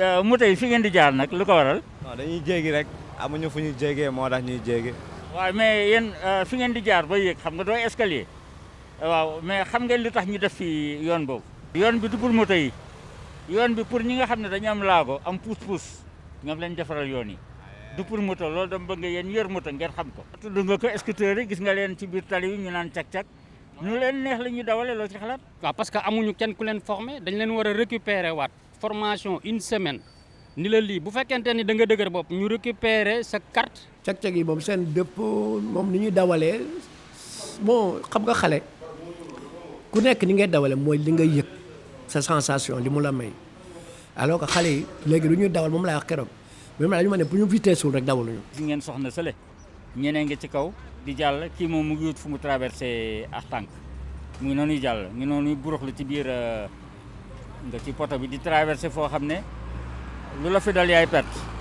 Euh, moto yi fi ngeen di jaar nag lu ko waral. non dañuy jéggi rek amuñu fu ñu jéggee moo tax ñuy jéggi. waaw mais yéen euh, fi ngeen di jaar ba yéeg xam nga doo escalier waaw mais xam ngeen lu tax ñu def fi yoon boobu. yoon bi du pour moto yi yoon bi pour ñi nga xam ne dañ am laago am puus-puus ñoom lañ defaral yoon yi du pour moto loolu dama bëgg yéen yor moto ngeen xam ko. tudd nga ko scooter yi gis nga leen ci biir tali yi ñu naan cak-cak ñu leen neex leen formé dañ a récupérer waat. formation une semaine ni la lii bu fekkente ni da nga dëgër bopp ñu récupérer sa carte. cag-cag yi moom seen dëpp moom ni ñuy dawalee bon xam nga xale ku nekk ni ngay dawale mooy li nga yëg sa sensation li mu la may alors que xale yi léegi lu ñuy dawal moom laay wax keroog même dañu ma ne bu ñu vitesse wul rek dawaluñu. di ngeen soxna sële ñeneen ngi ci kaw di jàll kii moom mu ngi wut fu mu traversé ak tànk mu ngi noonu jàll mu ngi noonu buruxlu ci biir. Euh, nga ci poto bi di traversé foo xam ne lu la fi dal yaay perte